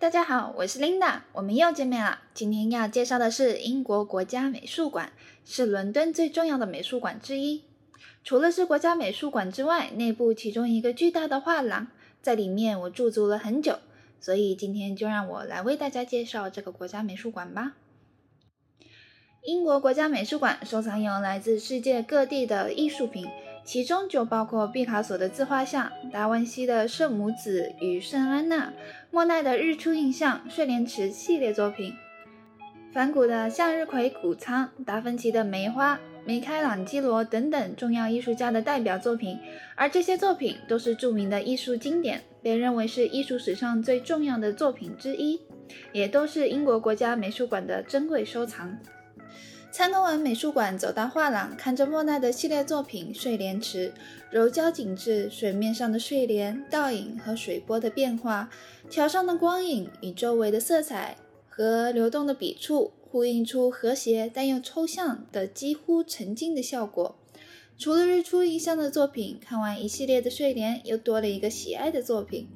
大家好，我是 Linda，我們又見面了。今天要介紹的是英國國家美術館，是倫敦最重要的美術館之一。除了是國家美術館之外，內部其中一個巨大的畫廊，在裡面我駐足了很久，所以今天就讓我來為大家介紹這個國家美術館吧。英國國家美術館收藏有來自世界各地的藝術品。其中就包括畢卡索的自畫像、達文西的《聖母子與聖安娜》、莫奈的《日出印象》、睡蓮池系列作品、梵谷的《向日葵》、穀倉、達芬奇的《梅花》、米開朗基羅等等重要藝術家的代表作品。而這些作品都是著名的藝術經典，被認為是藝術史上最重要的作品之一，也都是英國國家美術館的珍貴收藏。參觀完美術館，走到畫廊，看着莫奈的系列作品《睡蓮池》，柔焦景致，水面上的睡蓮倒影和水波的變化，橋上的光影與周圍的色彩和流動的筆觸，呼應出和諧但又抽象的幾乎沉浸的效果。除了《日出·印象》的作品，看完一系列的睡蓮，又多了一個喜愛的作品。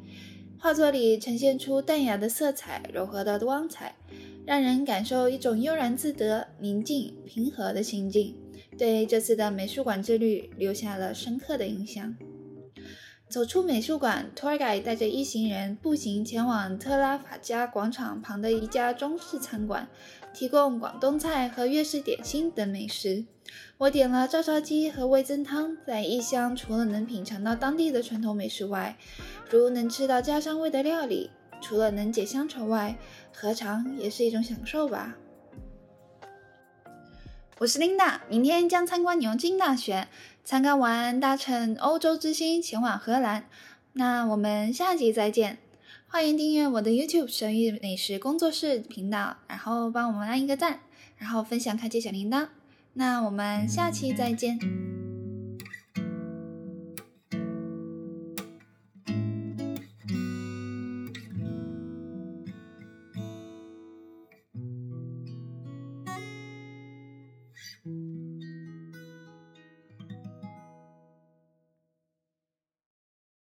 畫作裡呈現出淡雅的色彩，柔和的光彩。讓人感受一種悠然自得、寧靜平和的心境，對這次的美術館之旅留下了深刻的印象。走出美術館，托爾蓋帶着一行人步行前往特拉法加廣場旁的一家中式餐館，提供廣東菜和粵式點心等美食。我點了照燒雞和味噌湯。在異鄉，除了能品嘗到當地的傳統美食外，如能吃到家鄉味的料理。除了能解鄉愁外，何嘗也是一種享受吧？我是 Linda，明天將參觀牛津大學。參觀完，搭乘歐洲之星前往荷蘭。那我們下期再見。歡迎訂閱我的 YouTube 神遊美食工作室頻道，然後幫我們按一個讚，然後分享開啟小鈴鐺。那我們下期再見。